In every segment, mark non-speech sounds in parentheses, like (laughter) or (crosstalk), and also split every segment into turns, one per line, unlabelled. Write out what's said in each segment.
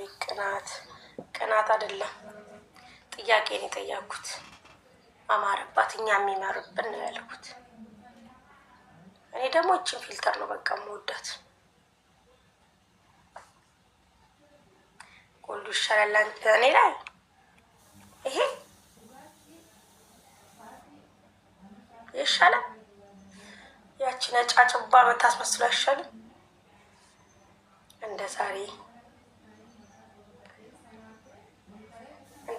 አቤት ቅናት! ቅናት አይደለም ጥያቄን የጠየኩት አማረባት፣ እኛ የሚመርብን ነው ያልኩት። እኔ ደግሞ እችን ፊልተር ነው በቃ መወዳት ሁሉ ይሻላል አንተ እኔ ላይ ይሄ ይሻላል። ያቺ ነጫጭባ መታስመስሎ አይሻልም እንደ ዛሬ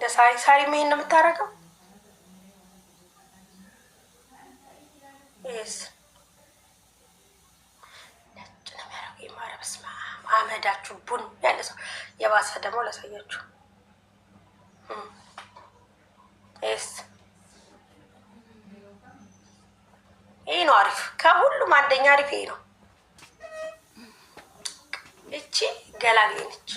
እንደ ሳሪ ሳሪ ይሄን ነው የምታደርገው። ይስ ነጭ ነው የሚያደርገው። የማረ በስመ አብ አመዳችሁ ቡን ያለ ሰው የባሰ ደግሞ ላሳያችሁ። ይስ ይህ ነው አሪፍ። ከሁሉም አንደኛ አሪፍ ይሄ ነው። እቺ ገላጌ ነች።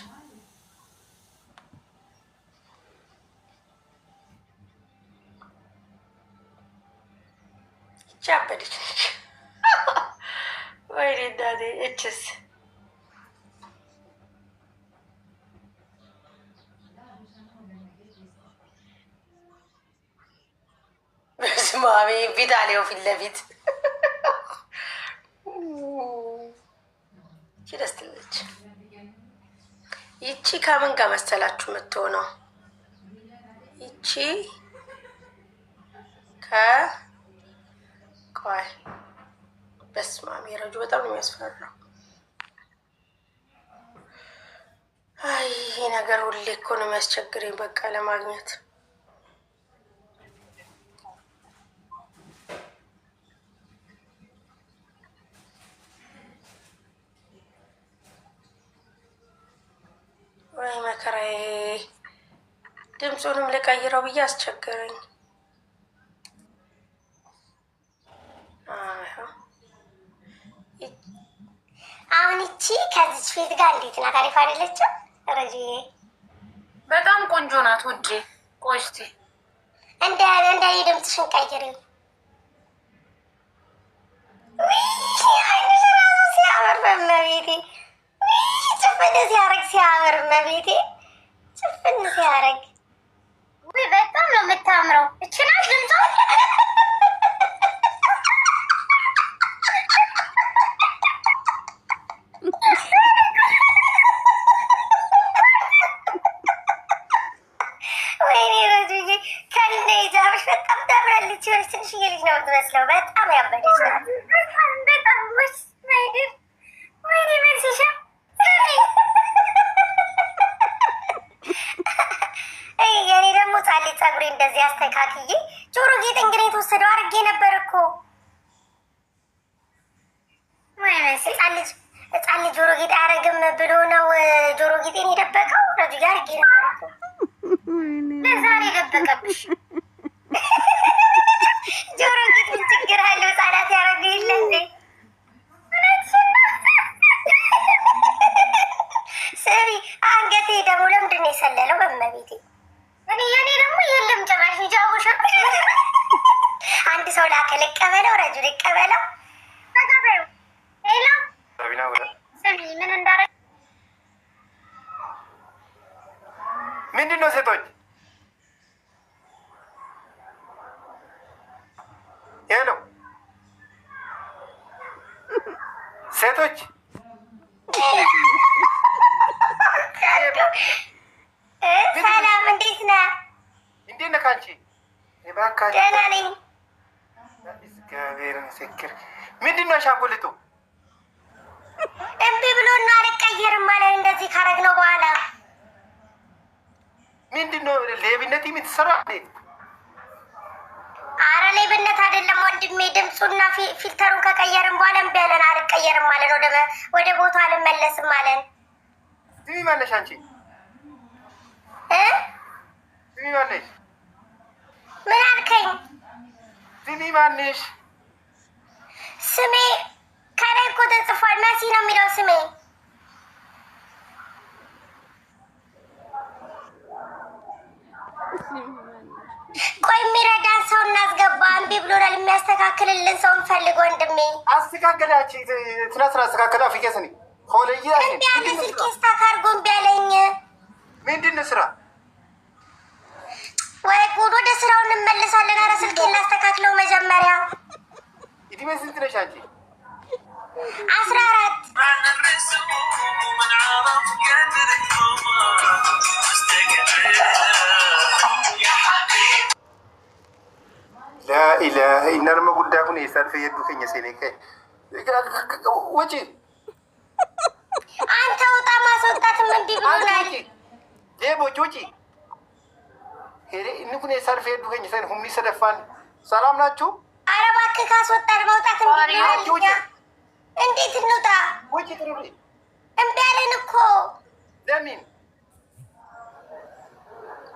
ልልበስ? ስማሚ ፊት አለው ፊት ለፊት ደስ ትለች። ይቺ ከምን ከመሰላችሁ የምትሆነው ይቺ ከቆይ በስማሚ ረጁ በጣም ነው የሚያስፈራው። አይ ይሄ ነገር ሁሌ እኮ ነው የሚያስቸግረኝ። በቃ ለማግኘት ወይ መከራዬ፣ ድምፁንም ልቀይረው ብዬ አስቸገረኝ። አሁን ይቺ ከዚች ፊት ጋር እንዴት ናት? አሪፍ አይደለችም? ረጅዬ
በጣም ቆንጆ ናት ውዴ። ቆስቲ
እንደ እንደ ድምፅሽን ቀይሪው። ሲያምር በመቤቴ ጭፍን ሲያረግ ሲያምር በመቤቴ ጭፍን ሲያረግ በጣም ነው የምታምረው። እችናት ድምፅ ደህና ነኝ።
እግዚአብሔር ምስክር። ምንድን ነው አሻንጉሊቱ?
እምቢ ብሎና አልቀየርም አለን። እንደዚህ ካረግነው በኋላ
ምንድን ነው ሌብነት የምትሰራ?
አረ ሌብነት አይደለም ወንድሜ። ድምፁና ፊልተሩን ከቀየርን በኋላ እምቢ አለን። አልቀየርም አለን። ወደ ቦታ አልመለስም አለን።
ስሚ ማነሽ አንቺ? ስሚ ማነሽ? ምን አልከኝ? ዚኒ ማንሽ?
ስሜ ከላይ እኮ ተጽፏል። መሲ ነው የሚለው ስሜ። ቆይ የሚረዳን ሰው እናስገባ። እምቢ ብሎናል። የሚያስተካክልልን ሰው እንፈልግ። ወንድሜ
አስተካከላች ትናስራ አስተካከላ ፍቄስኒ ሆለየ
ስልኬ ስታክ እምቢ አለኝ። ምንድን ስራ ወይ ጉድ! ወደ ስራው እንመለሳለን። ኧረ ስልክ እናስተካክለው መጀመሪያ።
ኢቲቪ ስንት ነሽ አንቺ?
አስራ አራት
ላኢላሀ ኢናንመ ጉዳ ሁን የሳልፈ የዱ ከኛ ሴኔከ ወጪ
አንተ ውጣ ማስወጣትም እንዲህ ብሎናል።
ሌቦች ውጪ inni kun salfe hedduu keenya ta'e humni ሰላም ናችሁ?
ኧረ እባክህ ካስወጣን መውጣት እንዴት እንውጣ? እምቢ አለን እኮ
ለምን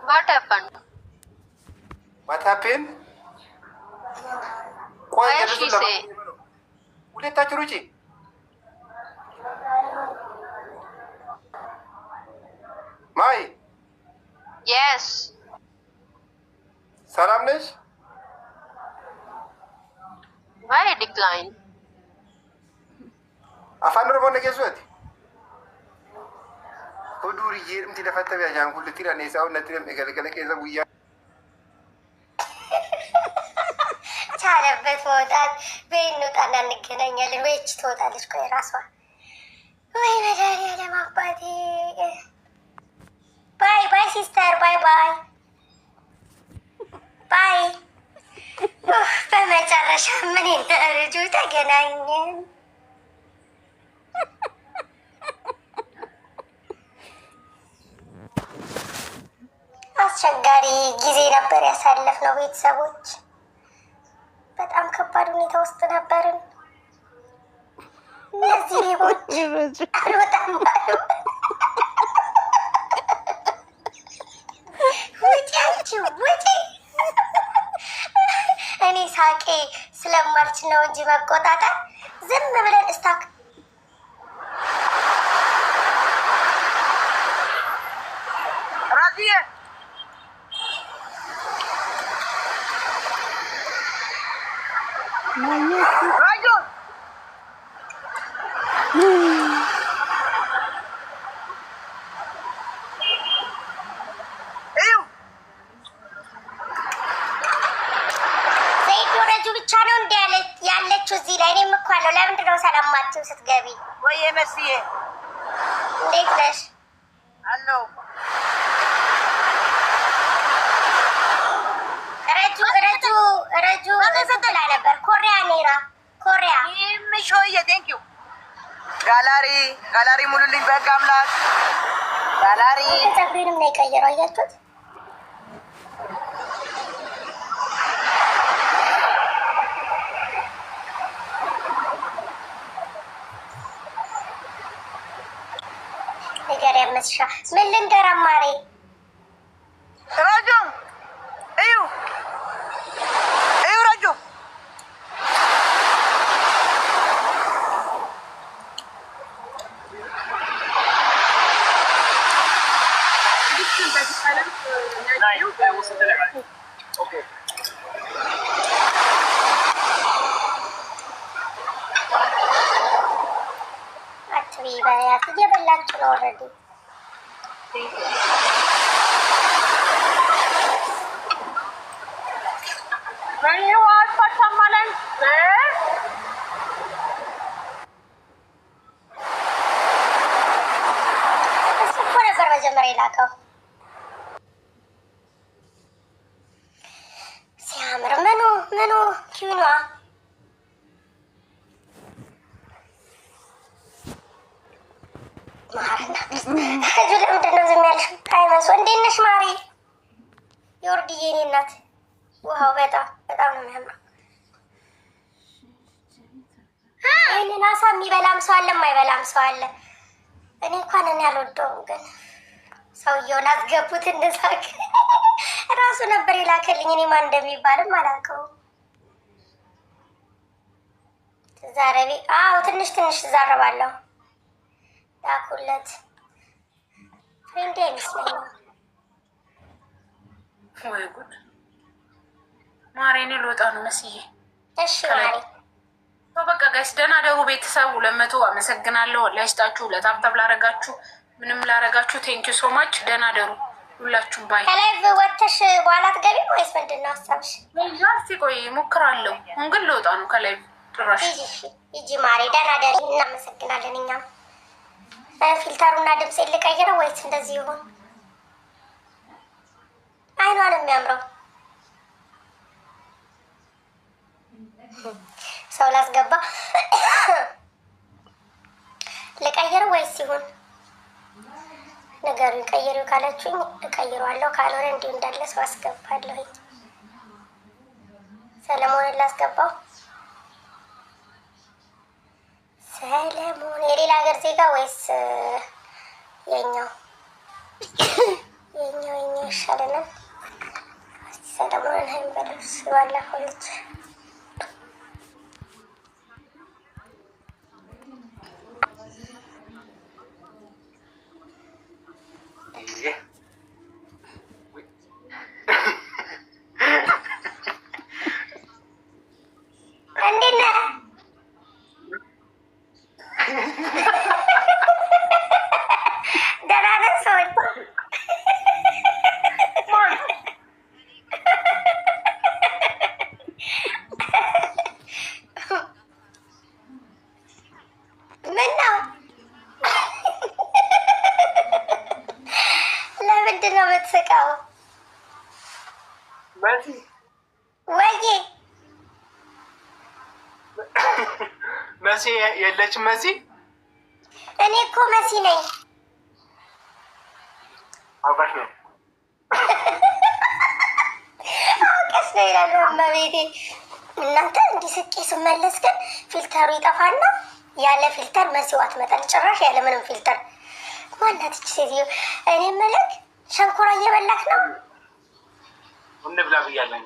ዋታፓን ዋታፔን ቆይ ሁለታችሁ ሩጪ ማይ የስ ሰላም ነሽ?
Why decline?
afaan oromoon dhageessuuti. oduu rijeerumti lafa tabee ajaan kullutti dhaneessaa onnatti dhamne galgala keessa guyyaa.
ቻለበት መውጣት በይኑጣና እንገናኛለን። በይቺ ትወጣለች። ቆይ ራሷ ወይ መድኃኒዓለም አባቴ። ባይ ባይ ሲስተር ባይ ባይ ባይ። በመጨረሻ ምንና ልጁ ተገናኘን። አስቸጋሪ ጊዜ ነበር ያሳለፍነው። ቤተሰቦች በጣም ከባድ ሁኔታ ውስጥ ነበርን። እነዚህ ሌቦች አልወጣም ባሉ ውጪ፣ አንቺ ውጪ እኔ ሳቄ ስለማልች ነው እንጂ መቆጣጠር ዝም ብለን እስታክ ራዚዬ ላይ እኔም እኮ አለው። ለምንድን ነው ሰላም አትይው ስትገቢ? ወይ መስዬ እንዴት ነሽ? አለው ረጁ ረጁ ረጁ ስትላ ነበር። ኮሪያ ኔራ ኮሪያ
ቴንክ ዩ ጋላሪ ጋላሪ ሙሉልኝ በህግ አምላክ ጋላሪ
ጸጉሬንም ነው የቀየረው አያችሁት? ነገር ያመስሻ ምን ልንገር አማሬ Gracias. የሚበላም ሰው አለ፣ የማይበላም ሰው አለ። እኔ እንኳን እኔ አልወደውም፣ ግን ሰውየውን አስገቡት እንደሳክ (laughs) ራሱ ነበር የላከልኝ። እኔ ማን እንደሚባልም አላውቀውም። ዛረቤ አዎ፣ ትንሽ ትንሽ እዛረባለሁ። ላኩለት ፍሬንዴ አይመስለኝም።
ወይ ጉድ! ማሬ እኔ ልወጣ ነው መስዬ። እሺ ማሬ በቃ ጋይስ ደህና ደሩ ቤተሰብ ሁለት መቶ አመሰግናለሁ። ለሽጣችሁ ለታብታብ ላረጋችሁ ምንም ላረጋችሁ ቴንኪዩ ሶ ማች ደህና ደሩ ሁላችሁም። ባይ
ከላይ ወተሽ በኋላ ትገቢም ወይስ ምንድን ነው ሀሳብሽ?
ዛርቲ ቆይ ሞክራለሁ። እንግል ልወጣ ነው ከላይ ጭራሽ
ይጂ ማሬ ደህና ደሪ። እናመሰግናለን። እኛም ፊልተሩና ድምፅ ልቀይረው ወይስ እንደዚህ ይሆን? አይኗ ነው የሚያምረው ሰው ላስገባ ልቀይር ወይስ ሲሆን ነገሩ? ቀይሪው ካላችሁኝ እቀይረዋለሁ፣ ካልሆነ እንዲሁ እንዳለ ሰው አስገባለሁ። ሰለሞንን ላስገባው። ሰለሞን የሌላ ሀገር ዜጋ ወይስ የኛው? የኛው የኛው ይሻለናል። ሰለሞንን ሀይበለስ ባላ ልጅ
መሲ የለችም። መሲ
እኔ እኮ መሲ ነኝ። አውቀሽ ነው አውቀሽ ነው ይላሉ እመቤቴ። እናንተ እንዲህ ስቄ ስመለስ ግን ፊልተሩ ይጠፋና ያለ ፊልተር መሲዋት አትመጣል። ጭራሽ ያለ ምንም ፊልተር ማናት ይች ሴትዮ? እኔ የምልህ ሸንኮራ እየበላክ ነው
እንብላ ብያለኝ።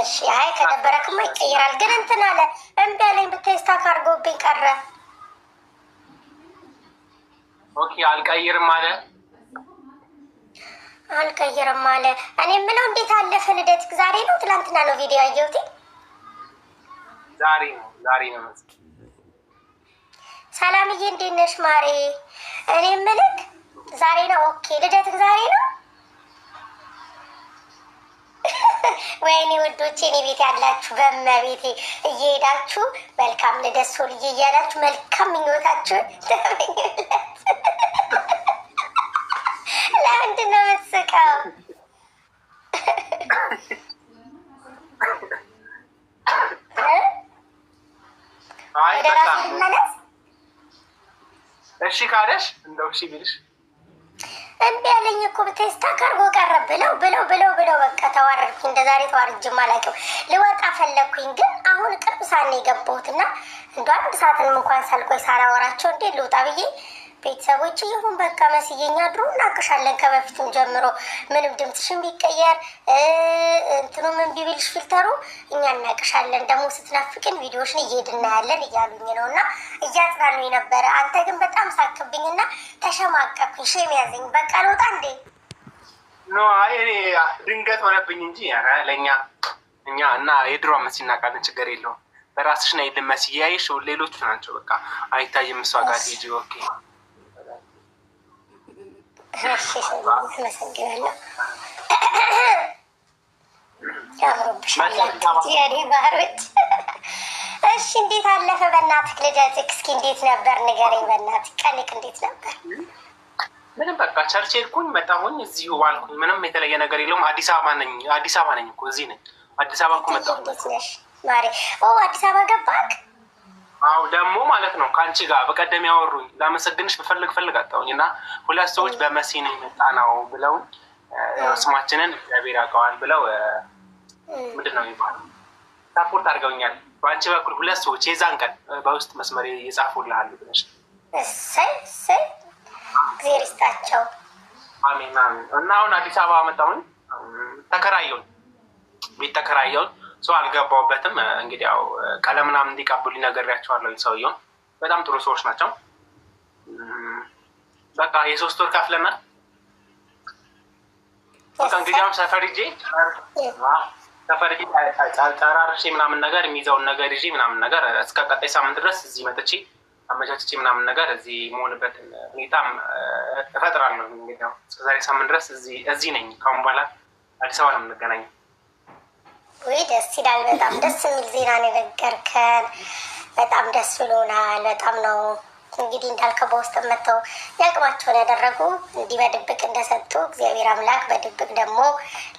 እሺ አይ ከደበረክማ ይቀይራል። ግን እንትን አለ እምቢ አለኝ ቀረ።
ኦኬ አልቀይርም አለ
አልቀይርም አለ። እኔ የምለው እንዴት አለፈ ልደት? ዛሬ ነው ነው ቪዲዮ
ዛሬ ነው ዛሬ ነው።
ሰላምዬ እንዴት ነሽ ማሬ? እኔ የምልክ ዛሬ ነው። ኦኬ ልደት ዛሬ ነው ወይኔ ወዶቼ፣ እኔ ቤት ያላችሁ በመቤቴ እየሄዳችሁ መልካም ልደት ሶልዬ እያላችሁ መልካም ምኞታችሁን ተመኙላት። ለምንድን ነው የምትስቀው? ወደ ራሱ ልመለስ።
እሺ ካለሽ እንደው እሺ ቢልሽ
እምቢ ያለኝ እኮ ቴስታ ካርጎ ቀረ ብለው ብለው ብለው ብለው በቃ ተዋረድኩኝ። እንደ ዛሬ ተዋርጅም አላውቅም። ልወጣ ፈለግኩኝ፣ ግን አሁን ቅርብ ሳን የገባሁት እና እንደ አንድ ሰዓትንም እንኳን ሳልቆይ ሳላወራቸው እንዴ ልውጣ ብዬ ቤተሰቦች ይሁን በቃ መስዬኛ ድሮ እናቅሻለን ከበፊትም ጀምሮ ምንም ድምፅሽም ቢቀየር እንትኑ ምን ቢብልሽ ፊልተሩ እኛ እናቅሻለን። ደግሞ ስትናፍቅን ቪዲዮሽን እየሄድ እናያለን እያሉኝ ነው እና እያጽናኑ ነበረ። አንተ ግን በጣም ሳክብኝ እና ተሸማቀኩኝ። ሼም ያዘኝ። በቃ ልወጣ እንዴ
ኖ ድንገት ሆነብኝ እንጂ ለእኛ እኛ እና የድሮ መስ እናውቃለን። ችግር የለውም። በራስሽ ና የልመስ እያይሽ ሌሎቹ ናቸው በቃ አይታይም። እሷ ጋር ሄጂ ኦኬ (laughs) እሺ፣
እንዴት አለፈ? በእናትህ እስኪ እንዴት ነበር ንገረኝ። በእናትህ ቀንክ እንዴት ነበር?
ምንም በቃ ቸርች ሄድኩኝ መጣሁኝ፣ እዚሁ ዋልኩኝ። ምንም የተለየ ነገር የለውም። አዲስ አበባ ነኝ። አዲስ አበባ ነኝ እኮ እዚህ ነኝ። አዲስ አበባ እኮ መጣሁ።
አዲስ አበባ ገባክ?
አው ደግሞ ማለት ነው ከአንቺ ጋር በቀደም ያወሩኝ ላመሰግንሽ ብፈልግ ፈልግ አጣውኝ እና ሁለት ሰዎች በመሲ ነው የመጣ ነው ብለው ስማችንን እግዚአብሔር ያውቀዋል ብለው ምንድን ነው የሚባለው ሳፖርት አድርገውኛል። በአንቺ በኩል ሁለት ሰዎች የዛን ቀን በውስጥ መስመር የጻፉልሃሉ ብለሽ
እሰይ ይስጣቸው።
አሜን አሜን። እና አሁን አዲስ አበባ መጣሁኝ፣ ተከራየሁኝ፣ ቤት ተከራየሁኝ ሰው አልገባውበትም። እንግዲህ ያው ቀለም ምናምን እንዲቀብሉ ነገሪያቸዋለን። ሰውየውን በጣም ጥሩ ሰዎች ናቸው። በቃ የሶስት ወር ከፍለናል። በቃ ሰፈር ይዤ ሰፈር ምናምን ነገር የሚይዘውን ነገር ይዤ ምናምን ነገር እስከ ቀጣይ ሳምንት ድረስ እዚህ መጥቼ አመቻችቼ ምናምን ነገር እዚህ መሆንበትን ሁኔታም እፈጥራለሁ። እንግዲህ እስከ ሳምንት ድረስ እዚህ ነኝ። ካሁን በኋላ አዲስ አበባ ነው የምንገናኘው።
ወይ ደስ ይላል። በጣም ደስ የሚል ዜና ነው የነገርከን። በጣም ደስ ብሎናል። በጣም ነው እንግዲህ እንዳልከው በውስጥ መጥተው ያቅማቸውን ያደረጉ እንዲህ በድብቅ እንደሰጡ እግዚአብሔር አምላክ በድብቅ ደግሞ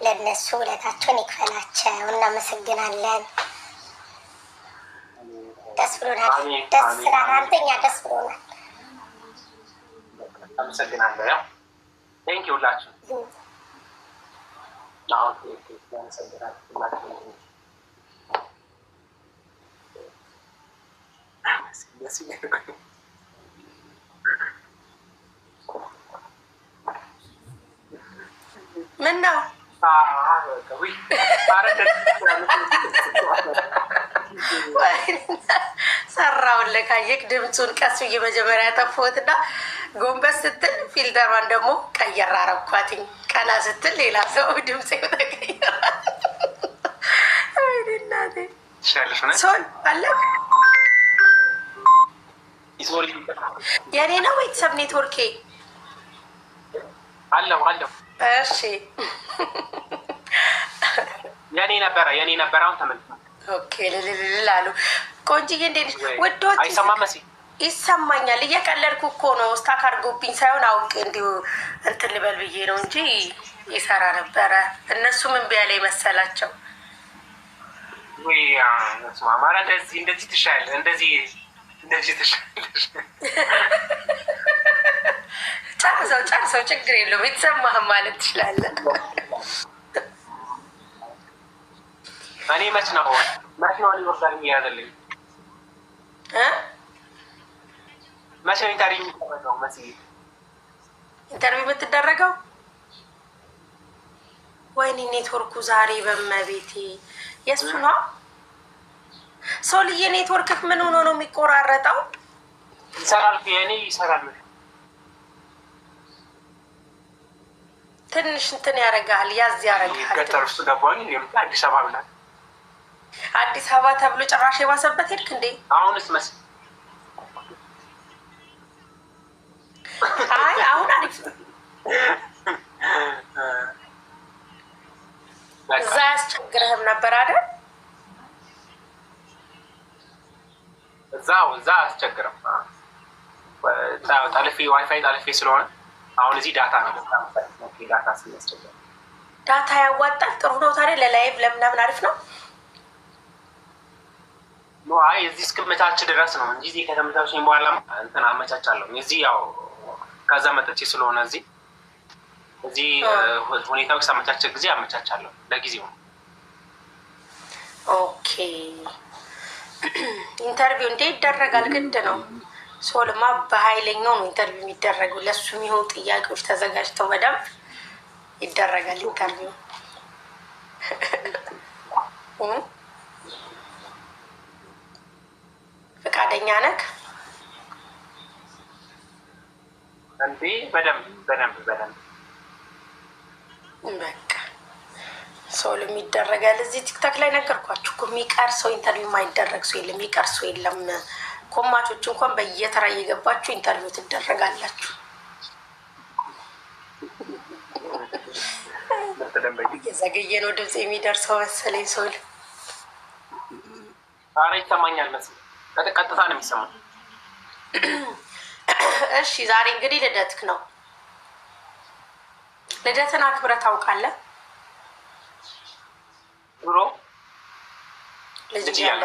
ለነሱ ውለታቸውን ይክፈላቸው። እናመሰግናለን። ደስ ብሎናል። ደስ ስላል አንተኛ ደስ ብሎናል።
አመሰግናለሁ። ቴንኪ ሁላችሁ
ምን ነው ሰራውልህ? ካየክ ድምፁን ቀስ ብዬ መጀመሪያ ያጠፋሁትና ጎንበስ ስትል ፊልተሯን ደግሞ ቀየር አረኳትኝ። ነቀላ ስትል ሌላ ሰው ድምፅ የኔ ነው። ቤተሰብ ኔትወርኬ አለው አለው። እሺ
የኔ ነበረ የኔ ነበረ። አሁን ተመልሷል።
ኦኬ ልልልል አሉ። ቆንጅዬ እንዴት ነሽ? ወዶች አይሰማም መሲ ይሰማኛል። እየቀለድኩ እኮ ነው። ስታክ አድርጎብኝ ሳይሆን አውቄ እንዲሁ እንትን ልበል ብዬ ነው እንጂ ይሰራ ነበረ። እነሱ ምን ቢያ ላይ መሰላቸው
እንደዚህ እንደዚህ ትሻል እንደዚህ እንደዚህ ትሻል።
ጨርሰው ጨርሰው፣ ችግር የለውም የተሰማህም ማለት ትችላለህ።
እኔ መች ነው መች ነው ሊወርዳል እያዘልኝ መቼ ነው ኢንተርቪው የሚደረገው? መቼ
ኢንተርቪው የምትደረገው? ወይኔ ኔትወርኩ ዛሬ በመቤቴ የእሱ ነው። ሰው ልዬ ኔትወርክ ምን ሆኖ ነው የሚቆራረጠው?
ይሰራል፣ የኔ ይሰራል።
ትንሽ እንትን ያደርግሃል፣ ያዝ ያደርግሃል።
ገጠር ውስጥ ገባኝ። አዲስ አበባ ብላ
አዲስ አበባ ተብሎ ጭራሽ የባሰበት ሄድክ እንዴ? አሁንስ መስ አይ አሁን አሪፍ ነው። እዛ ያስቸግረህም ነበር አይደል?
እዛው እዛ አያስቸግርም። ጠልፌ ዋይፋይ ጠልፌ ስለሆነ አሁን እዚህ ዳታ ነው። ዳታ ስለሚያስቸግር
ዳታ ያዋጣል። ጥሩ ነው። ታዲያ ለላይቭ ለምናምን አሪፍ ነው።
አይ እዚህ እስክመቻች ድረስ ነው እንጂ እዚህ ከተመቻች በኋላ እንትን አመቻቻለሁ እዚህ ያው ከዛ መጥቼ ስለሆነ እዚህ እዚህ ሁኔታዎች ሳመቻቸት ጊዜ አመቻቻለሁ ለጊዜው ነው።
ኦኬ ኢንተርቪው እንዴ ይደረጋል፣ ግድ ነው። ሶልማ በሀይለኛው ነው ኢንተርቪው የሚደረገው። ለሱ የሚሆኑ ጥያቄዎች ተዘጋጅተው በደንብ ይደረጋል ኢንተርቪው። ፈቃደኛ ነክ
እንዴ በደንብ በደንብ በደንብ
በቃ ሰው የሚደረጋል። እዚህ ቲክታክ ላይ ነገርኳችሁ እኮ የሚቀር ሰው ኢንተርቪው ማይደረግ ሰው የለም፣ የሚቀር ሰው የለም። ኮማቾች እንኳን በየተራ እየገባችሁ ኢንተርቪው ትደረጋላችሁ። እየዘገየ ነው ድምፅ የሚደርሰው መሰለኝ። ሰው
ኧረ ይሰማኛል መሰለኝ፣ ቀጥታ ነው የሚሰማኝ
(coughs) እሺ ዛሬ እንግዲህ ልደትክ ነው። ልደትን አክብረህ ታውቃለህ? ድሮ ልጅ ያለ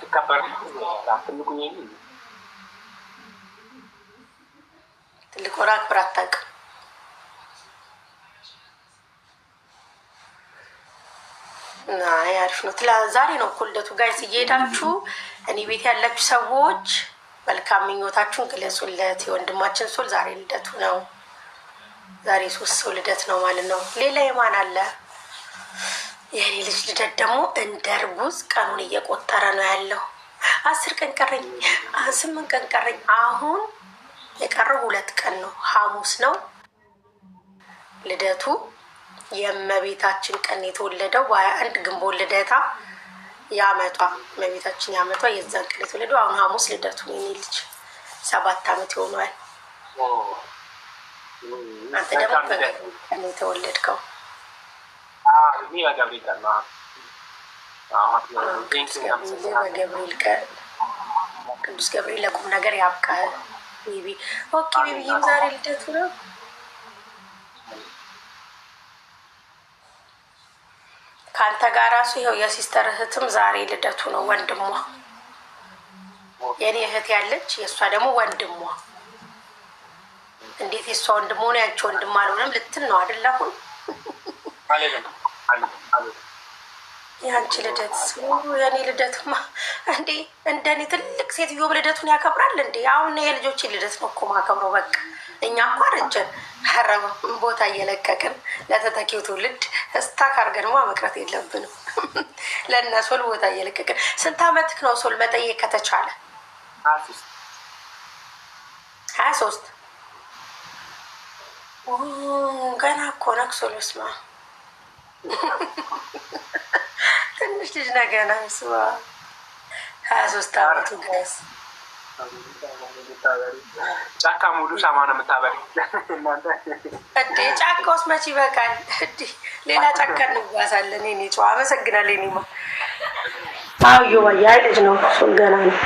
ሲከበር ትልቅ ወር አክብረህ አታውቅም?
አሪፍ ነው። ዛሬ ነው እኮ ልደቱ ጋይስ። እየሄዳችሁ እኔ ቤት ያላችሁ ሰዎች መልካም ምኞታችሁን ግለጹለት። የወንድማችን ሶል ዛሬ ልደቱ ነው። ዛሬ ሶስት ሰው ልደት ነው ማለት ነው። ሌላ የማን አለ? የኔ ልጅ ልደት ደግሞ እንደ እርጉዝ ቀኑን እየቆጠረ ነው ያለው። አስር ቀን ቀረኝ፣ ስምንት ቀን ቀረኝ። አሁን የቀረው ሁለት ቀን ነው። ሐሙስ ነው ልደቱ። የእመቤታችን ቀን የተወለደው በሀያ አንድ ግንቦት ልደታ የአመቷ መቤታችን የአመቷ የዛን ቀን የተወለደው አሁን ሐሙስ ልደቱ የኔ ልጅ ሰባት አመት ይሆነዋል። አንተ ደግሞ በገብርኤል ቀን የተወለድከው በገብርኤል ቀን ቅዱስ ገብርኤል ለቁም ነገር ያብቃህ። ቢ ኦኬ፣ ቤቢዬም ዛሬ ልደቱ ነው። ከአንተ ጋር ራሱ ይኸው የሲስተር እህትም ዛሬ ልደቱ ነው። ወንድሟ የእኔ እህት ያለች የእሷ ደግሞ ወንድሟ እንዴት የእሷ ወንድም ሆነ ያቸው ወንድም አልሆነም ልትል ነው አይደል? አሁን የአንቺ ልደት የእኔ ልደትማ እንዴ እንደ እኔ ትልቅ ሴትዮም ልደቱን ያከብራል እንዴ? አሁን የልጆች ልደት ነው እኮ ማከብረው። በቃ እኛ እኮ አረጀን፣ ኧረ ቦታ እየለቀቅን ለተተኪው ትውልድ ስታክ አድርገንማ መቅረት የለብንም። (laughs) ሶል ቦታ እየለቀቅን ስንት አመትክ ነው ሶል መጠየቅ ከተቻለ? ሀያ ሶስት ገና እኮ ነክ ሶል ስማ (laughs) ትንሽ ልጅ ነገና ስማ ሀያ ሶስት አመቱ ገስ
ጫካ ሙሉ ሻማ ነው የምታበሪ
እንዴ? ጫካ ውስጥ መቼ ይበቃል። ሌላ ጫካ እንጓዛለን። ኔ ጨዋ አመሰግናል። ኔ ኔማ አዮ ያ ልጅ ነው ገና ነው።